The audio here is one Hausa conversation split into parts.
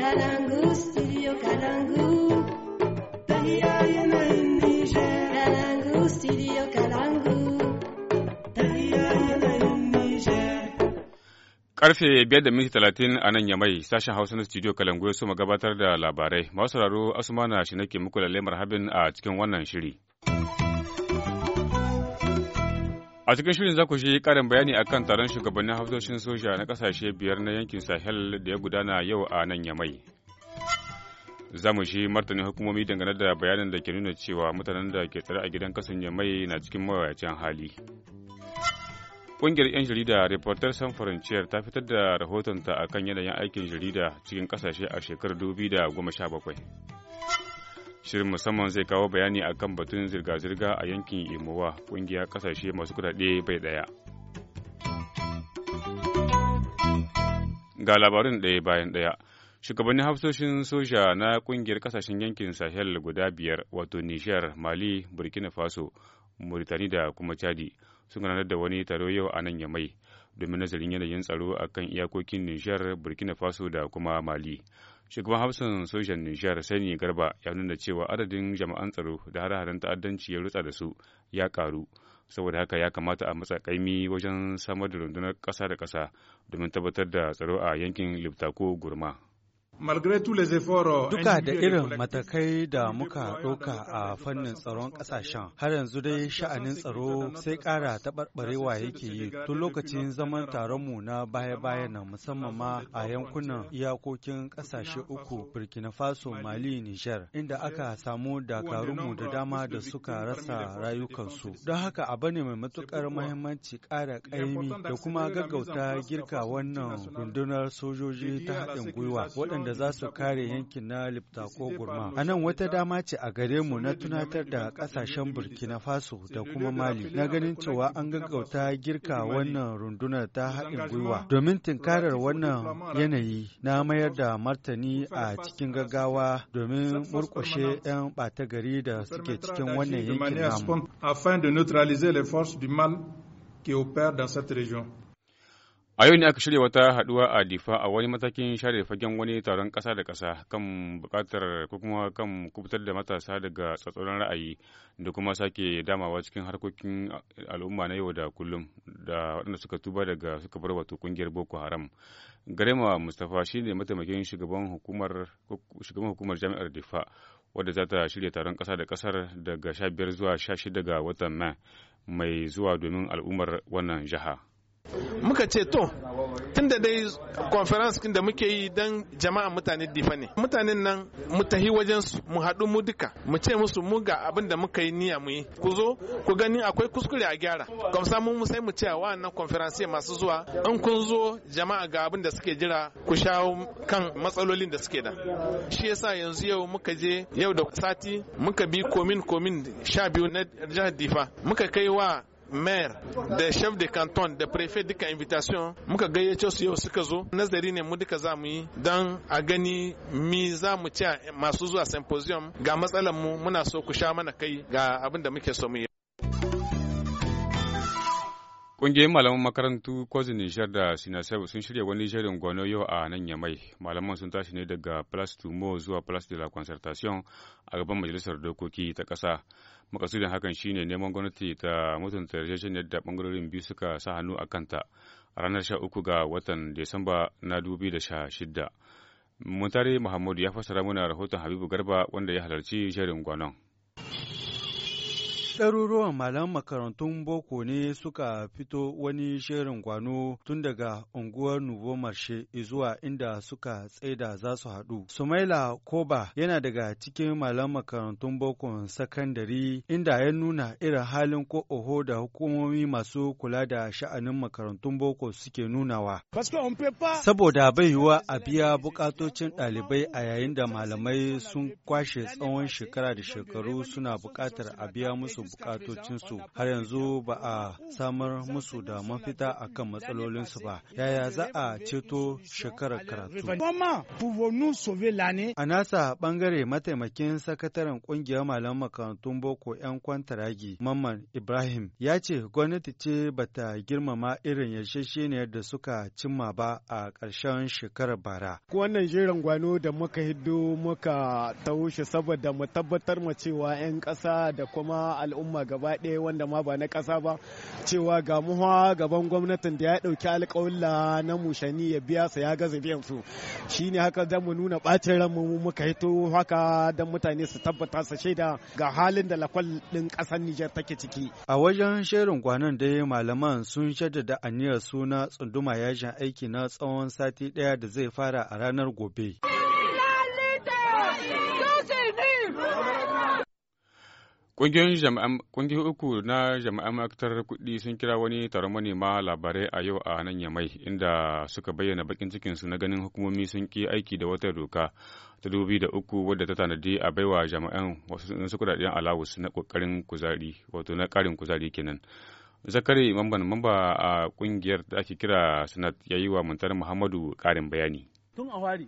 Kalangu, Karfe biyar da minti talatin a nan yamai sashen Hausa na studio Kalangu ya ma gabatar da labarai. Masu sauraro Asuma na shi nake muku lalle marhabin a cikin wannan shiri. A cikin shirin za ku shi ƙarin bayani a kan taron shugabannin hafsoshin soja na ƙasashe biyar na yankin Sahel da ya gudana yau a nan Yamai. Za mu shi martanin hukumomi dangane da bayanin da ke nuna cewa mutanen da ke tsare a gidan kasan Yamai na cikin mawayacin hali. Ƙungiyar 'yan jarida Reporter San Frontier ta fitar da rahotonta a kan yanayin aikin jarida cikin ƙasashe a shekarar 2017. Shirin musamman zai kawo bayani akan batun zirga-zirga a yankin Imowa, ƙungiyar kasashe masu kudade bai daya. Ga labarin daya bayan daya Shugabannin hafsoshin soja na ƙungiyar ƙasashen yankin Sahel guda biyar, wato Nishar, Mali, Burkina Faso, Mauritani da kuma Chadi, sun gudanar da wani taro yau a nan Yamai. domin nazarin yanayin tsaro akan iyakokin nishiyar Burkina Faso da kuma Mali. Shugaban Hafsan Sojan Nishar Sani Garba ya nuna cewa adadin jama'an tsaro da hare-haren ta'addanci ya rutsa da su ya karu. Saboda haka ya kamata a matsa kaimi wajen samar da rundunar ƙasa da ƙasa domin tabbatar da tsaro a yankin ko Gurma. Duka da irin matakai da muka ɗauka a fannin tsaron ƙasashen, har yanzu dai sha'anin tsaro sai ƙara taɓarɓarewa yake yi tun lokacin zaman taronmu na baya baya nan musamman ma a yankunan iyakokin ƙasashe uku Burkina Faso, Mali, Nijar, inda aka samu dakarunmu da dama da suka rasa rayukansu. Don haka abu ne mai matuƙar mahimmanci ƙara ƙaimi da kuma gaggauta girka wannan rundunar sojoji ta haɗin gwiwa waɗanda da za su kare yankin na Lipta ko Gurma. A nan wata dama ce a gare mu na tunatar da kasashen Burkina Faso da kuma Mali na ganin cewa an gaggauta girka wannan rundunar ta haɗin gwiwa domin tinkarar wannan yanayi na mayar da martani a cikin gaggawa domin murƙushe 'yan ɓata gari da suke cikin wannan yankin namu. afin de neutraliser les forces du mal qui opèrent dans cette région. A yau ne aka shirya wata haduwa a Difa a wani matakin share fagen wani taron kasa da kasa kan bukatar ko kuma kan kubutar da matasa daga tsatsauran ra'ayi da kuma sake damawa cikin harkokin al'umma na yau da kullum da waɗanda suka tuba daga suka bar wato kungiyar Boko Haram. Garema Mustapha shi ne mataimakin shugaban hukumar shugaban hukumar jami'ar Difa wadda za ta shirya taron kasa da ƙasar daga 15 zuwa 16 ga watan Mai mai zuwa domin al'ummar wannan jiha. muka ce to tunda dai conference da muke yi don jama'a mutane difa ne mutanen nan mu tahi wajen su mu haɗu mu duka mu ce musu mu ga abin da muka yi niyya mu yi ku zo ku gani akwai kuskure a gyara kamsa mu mu sai mu ce wa nan conference masu zuwa in kun zo jama'a ga abin da suke jira ku shawo kan matsalolin da suke da shi yasa yanzu yau muka je yau da sati muka bi komin komin sha biyu na jihar difa muka kai wa maire da chef de canton da prefet dika invitation muka gayyace su yau suka zo nazari ne mu duka za mu yi don a gani mi za mu ci masu zuwa symposium ga matsalar mu muna so ku sha mana kai ga abin da muke so mu yi Ƙungiyoyin malaman makarantu kwazin Nijar da Sinasebu sun shirya wani shirin gwano yau a nan Yamai. Malaman sun tashi ne daga Place Tumo zuwa Place de la Concertation a gaban Majalisar Dokoki ta ƙasa. Makasudin hakan shi ne neman gwamnati ta mutunta yarjejen yadda ɓangarorin biyu suka sa hannu a kanta a ranar sha uku ga watan disamba na dubi da sha shidda. Muntari Muhammadu ya fassara mana rahoton Habibu Garba wanda ya halarci shirin gwanon. Ɗaruruwan malam makarantun boko ne suka fito wani shirin gwano tun daga unguwar Nubo Marshe zuwa inda suka tsaida za su haɗu. Sumaila Koba yana daga cikin malaman makarantun boko sakandare inda ya nuna irin halin ko oho da hukumomi masu kula da sha'anin makarantun boko suke nunawa. Saboda bai yiwuwa a biya bukatocin ɗalibai a yayin da malamai sun kwashe tsawon shekara da shekaru suna buƙatar a biya musu bukatocinsu har yanzu ba a samar musu da mafita a kan matsalolinsu ba yaya za a ceto shekarar karatu a nasa bangare mataimakin sakataren kungiyar malam makarantun boko 'yan kwantaragi mamman ibrahim ya ce gwamnati ce bata girmama irin ne da suka cimma ba a ƙarshen shekarar bara wannan jerin gwano da muka hiddo muka taushe saboda mu tabbatar ma cewa 'yan ƙasa da kuma al'umma gaba ɗaya wanda ma ba na ƙasa ba cewa ga muha gaban gwamnatin da ya ɗauki alƙawalla na mushani ya biya sa ya gaza biyan su shine haka zan mu nuna ɓacin ranmu muka hito haka don mutane su tabbata su shaida ga halin da lakwal ɗin ƙasar Nijar take ciki. A wajen shirin kwanan dai malaman sun shaddada aniyar suna tsunduma yajin aiki na tsawon sati ɗaya da zai fara a ranar gobe. Ƙungiyoyin uku na jami'an ma'aikatar kuɗi sun kira wani taron manema labarai a yau a nan Yamai inda suka bayyana bakin cikinsu na ganin hukumomi sun ki aiki da wata doka ta dubi da uku wadda ta tanadi a baiwa jami'an wasu kuɗaɗen alawus na ƙoƙarin kuzari wato na ƙarin kuzari kenan. Zakari mamban mamba a ƙungiyar da ake kira Sanat ya yi wa Muntar Muhammadu ƙarin bayani. Tun a wani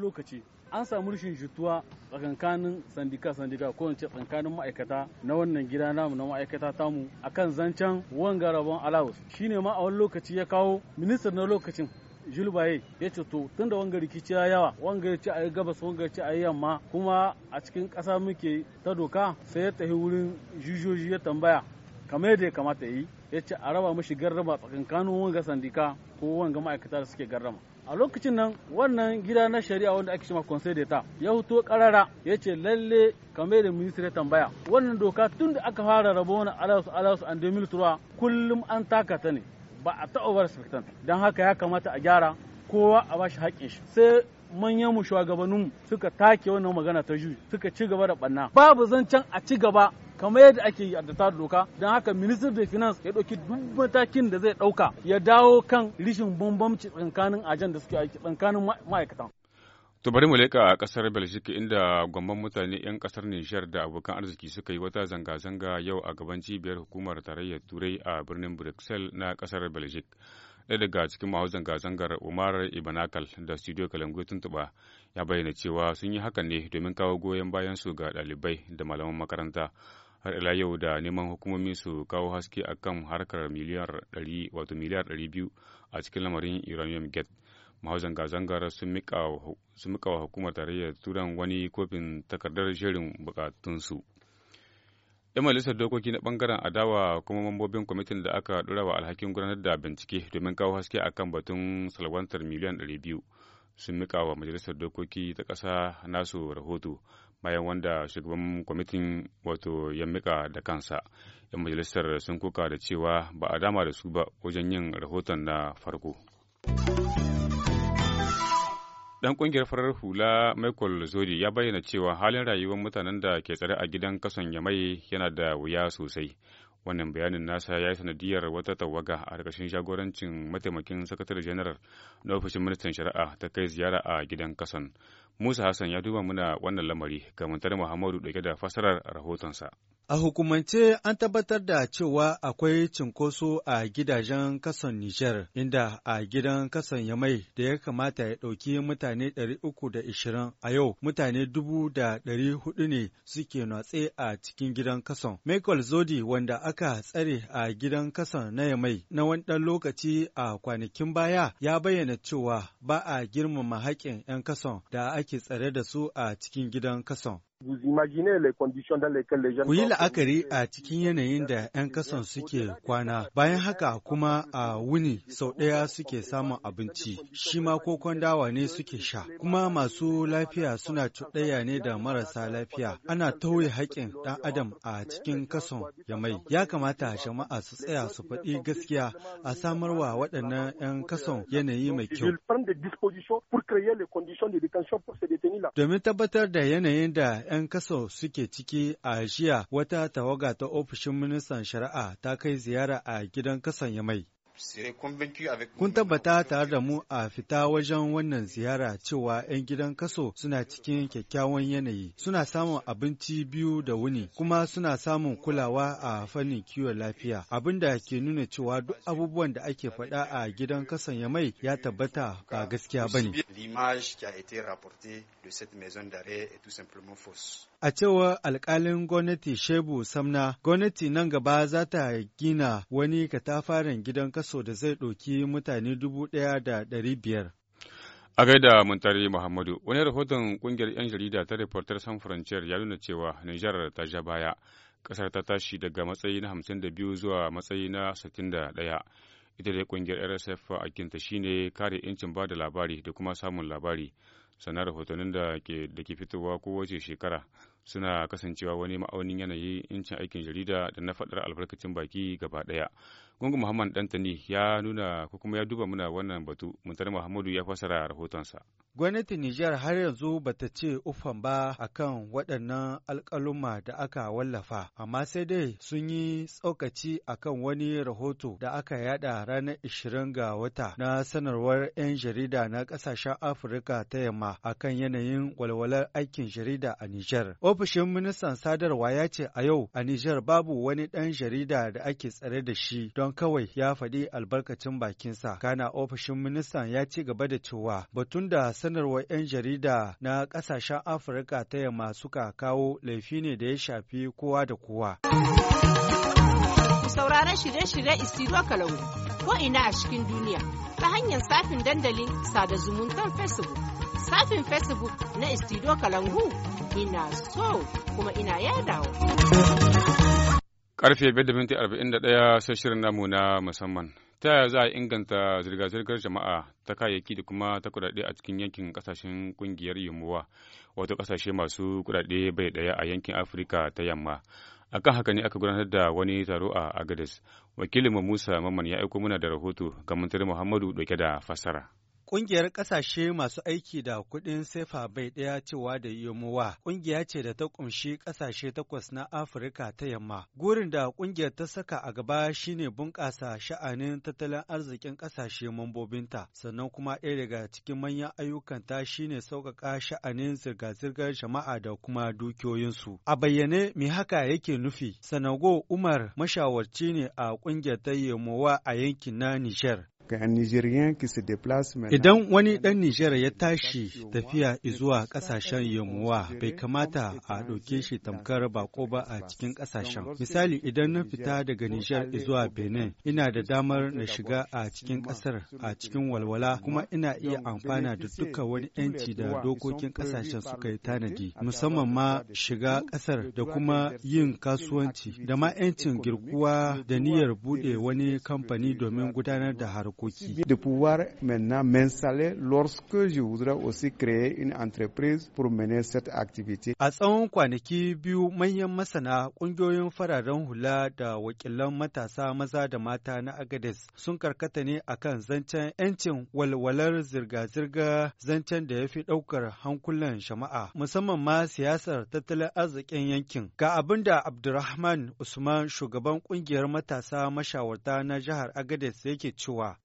lokaci an samu rashin jituwa tsakankanin sandika sandika ko in tsakanin ma'aikata na wannan gida namu na ma'aikata tamu akan zancen wanga rabon alawus shine ma a wani lokaci ya kawo ministan na lokacin julbaye ya ce to tun da wanga rikici ya yawa wanga ce a yi gabas wanga ce a yi yamma kuma a cikin ƙasa muke ta doka sai ya tafi wurin jujoji ya tambaya kamar yadda ya kamata ya yi ya ce a raba mashi garrama tsakankanin wanga sandika ko wanga ma'aikata da suke garrama a lokacin nan wannan gida na shari'a wanda ake shima conseil d'etat ya huto karara ya ce lalle kamar da ministry ya tambaya wannan doka tun da aka fara rabo wani alasu alasu an 2003 kullum an takata ne ba a ta over respectant don haka ya kamata a gyara kowa a bashi haƙƙin shi sai manyan mu shugabanninmu suka take wannan magana ta juyi suka ci gaba da banna babu zancen a ci gaba kamar yadda ake yi a da doka don haka minister da finance ya ɗauki duk matakin da zai ɗauka ya dawo kan rishin bambamci tsakanin ajan da suke aiki tsakanin ma'aikatan. To bari mu leƙa a ƙasar Belgique inda gwamman mutane 'yan ƙasar Nijar da abokan arziki suka yi wata zanga-zanga yau a gaban cibiyar hukumar tarayyar Turai a birnin Brussels na ƙasar Belgique. Ɗaya daga cikin masu zanga-zangar Umar Ibanakal da Studio Kalangu tuntuɓa ya bayyana cewa sun yi hakan ne domin kawo goyon bayan su ga ɗalibai da malaman makaranta. har ila yau da neman hukumomi su kawo haske a kan harkar miliyar 100 wato 200 a cikin lamarin uranium gate masu zanga-zangar sun mika wa hukumar tarayyar turan wani kofin takardar shirin bukatunsu. yan majalisar dokoki na bangaren adawa kuma mambobin kwamitin da aka dora wa alhakin gudanar da bincike domin kawo haske a kan batun salwantar miliyan 200 sun mika wa majalisar dokoki ta kasa nasu rahoto bayan wanda shugaban kwamitin wato ya mika da kansa yan majalisar sun kuka da cewa ba a dama da su ba wajen yin rahoton na farko dan kungiyar farar hula michael zodi ya bayyana cewa halin rayuwar mutanen da ke tsare a gidan kasan yamai yana da wuya sosai wannan bayanin nasa ya yi sanadiyar wata tawaga a ƙarƙashin shagorancin mataimakin sakatare janar na ofishin ministan shari'a ta kai ziyara a gidan kasan musa hassan ya duba muna wannan lamari ga muhammadu ɗauke da fasarar rahotonsa A hukumance an tabbatar da cewa akwai cinkoso a gidajen kasan Nijar, inda a gidan kasan Yamai da ya kamata ya ɗauki mutane 320 a yau mutane 400 ne suke natse a cikin gidan kasan Michael Zodi wanda aka tsare a gidan kason na Yamai na wani ɗan lokaci a kwanakin baya ya bayyana cewa ba a girmama haƙƙin 'yan kasan da ake tsare da su a cikin gidan kasan Ku yi la'akari a cikin yanayin da 'yan kasan suke kwana, bayan haka kuma a wuni sau ɗaya suke samun abinci, shi ma kokon dawa ne suke sha. Kuma masu lafiya suna cuɗaya ne da marasa lafiya. Ana tauye haƙƙin ɗan adam a cikin kason yamai. Ya kamata jama'a su tsaya su faɗi gaskiya a samar wa waɗannan 'yan kason yanayi mai kyau. Domin tabbatar da yanayin da 'yan kaso suke ciki a jiya wata tawaga ta ofishin ministan shari'a ta kai ziyara a gidan kasan Yamai. Kun tabbata tare da mu a fita wajen wannan ziyara cewa 'yan gidan kaso suna cikin kyakkyawan yanayi, suna samun abinci biyu da wuni, kuma suna samun kulawa a fannin kiwon lafiya, abin da ke nuna cewa duk abubuwan da ake faɗa a gidan kasan ya mai ya tabbata ba gaskiya ba ne. A cewa alkalin gwamnati Shebu Samna, gwamnati nan gaba za ta gina wani katafaren gidan kaso faso da zai ɗauki mutane dubu ɗaya da ɗari biyar. A gaida Muntari Muhammadu, wani rahoton ƙungiyar 'yan jarida ta Reporter San Frontier ya nuna cewa Nijar ta ja baya, ƙasar ta tashi daga matsayi na 52 zuwa matsayi na 61. Ita dai ƙungiyar RSF a shi ne kare 'yancin ba da labari da kuma samun labari. Sannan rahotannin da ke fitowa kowace shekara suna kasancewa wani ma'aunin yanayi 'yancin aikin jarida da na faɗar albarkacin baki gaba ɗaya. Gungu Muhammad Dantani ya nuna ko kuma ya duba muna wannan batu, Muntar Muhammadu ya fasara rahotonsa. Gwamnatin Nijar har yanzu ba ta ce ufan ba akan waɗannan alƙaluma da aka wallafa, amma sai dai sun yi tsokaci akan wani rahoto da aka yada ranar 20 ga wata na sanarwar 'yan jarida na ƙasashen Afirka ta yamma akan yanayin walwalar aikin jarida a Nijar. Ofishin ministan sadarwa ya ce a yau a Nijar babu wani ɗan jarida da ake tsare da shi don don kawai ya faɗi albarkacin bakinsa. Kana ofishin ministan ya ci gaba da cewa batun da sanarwar 'yan jarida na ƙasashen Afirka ta yamma suka kawo laifi ne da ya shafi kowa da kowa. Sauraron shirye shiryen Isiro Kalangu ko ina a cikin duniya ta hanyar safin dandalin sada zumuntar Facebook. Safin Facebook na Isiro Kalangu ina so kuma ina yadawa. Karfe 5:41 sai shirin namu na musamman. Ta yaya za a inganta zirga-zirgar jama'a ta kayayyaki da kuma ta kudade a cikin yankin kasashen kungiyar yumuwa wato kasashe masu kudade bai daya a yankin Afirka ta yamma. Akan haka ne aka gudanar da wani taro a agadis Wakilin Musa Maman ya aiko muna da rahoto ga Muhammadu dauke da fassara. Ƙungiyar ƙasashe masu aiki da kuɗin sefa bai ɗaya cewa da yomowa ƙungiya ce da ta ƙunshi ƙasashe takwas na Afirka ta yamma. Gurin da ƙungiyar ta saka a gaba shine bunƙasa sha'anin tattalin arzikin ƙasashe mambobinta, sannan kuma ɗaya daga cikin manyan ayyukanta shine sauƙaƙa sha'anin zirga-zirgar jama'a da kuma dukiyoyinsu. A bayyane me haka yake nufi? Sanago Umar mashawarci ne a ƙungiyar ta yomowa a yankin na Nijar. Idan wani ɗan Nijar ya tashi tafiya zuwa ƙasashen yamuwa bai kamata a ɗauke shi tamkar bako ba a cikin ƙasashen. Misali idan na fita daga Nijar zuwa Benin ina da damar na shiga a cikin kasar a cikin walwala kuma ina iya amfana da duka wani 'yanci da dokokin kasashen suka yi tanadi musamman ma shiga ƙasar da kuma yin kasuwanci da ma 'yancin girkuwa da niyyar buɗe wani kamfani domin gudanar da harkokin harkoki. De pouvoir maintenant m'installer lorsque je voudrais aussi créer une entreprise pour mener cette activité. A tsawon kwanaki biyu manyan masana ƙungiyoyin fararen hula da wakilan matasa maza da mata na Agades sun karkata ne akan zancen 'yancin walwalar zirga-zirga zancen da ya fi ɗaukar hankulan jama'a musamman ma siyasar tattalin arzikin yankin. Ga abin da Abdurrahman Usman shugaban ƙungiyar matasa mashawarta na jihar Agades yake cewa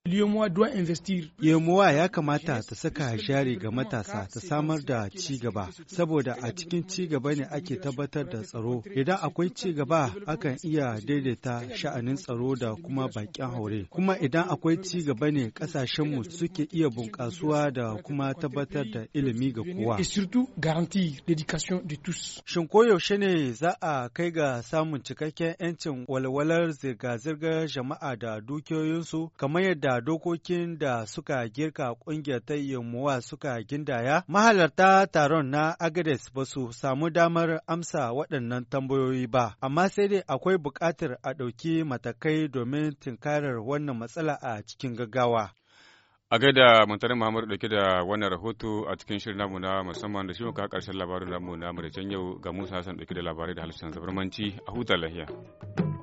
Yemowa ya kamata ta saka jari ga matasa ta samar da ci gaba, saboda a cikin ci gaba ne ake tabbatar da tsaro. Idan akwai ci gaba, akan iya daidaita sha'anin tsaro da kuma bakin haure. Kuma idan akwai ci gaba ne ƙasashenmu suke iya bunƙasuwa da kuma tabbatar da ilimi ga kowa. Shin koyaushe ne za a kai ga samun cikakken 'yancin walwalar zirga-zirgar jama'a da dukiyoyinsu kamar yadda dokokin da suka girka ƙungiyar muwa suka gindaya, mahalarta taron na Agades ba su samu damar amsa waɗannan tambayoyi ba, amma sai dai akwai buƙatar a ɗauki matakai domin tinkarar wannan matsala a cikin gaggawa. a gaida muntarin muhammadu dauke da wannan rahoto a cikin shirin namu na musamman da shi muka karshen labarin namu na mu yau ga musa hassan dauke da labarai da halittar zabarmanci a huta lahiya.